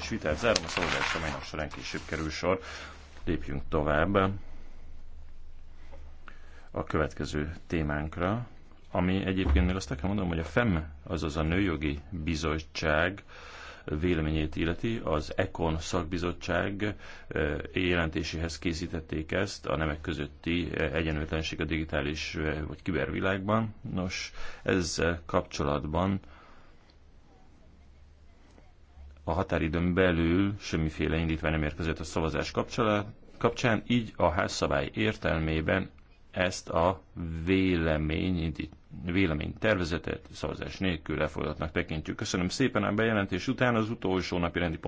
és vitelt zárom, a szavazásra melynek során később kerül sor. Lépjünk tovább a következő témánkra, ami egyébként még azt kell mondom, hogy a FEM, azaz a Nőjogi Bizottság véleményét illeti, az ECON szakbizottság eh, jelentéséhez készítették ezt, a nemek közötti eh, egyenlőtlenség a digitális eh, vagy kibervilágban. Nos, ezzel kapcsolatban a határidőn belül semmiféle indítvány nem érkezett a szavazás kapcsán, így a házszabály értelmében ezt a vélemény, vélemény tervezetet szavazás nélkül elfogadatnak tekintjük. Köszönöm szépen a bejelentés után az utolsó napi rendi